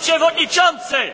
przewodniczący!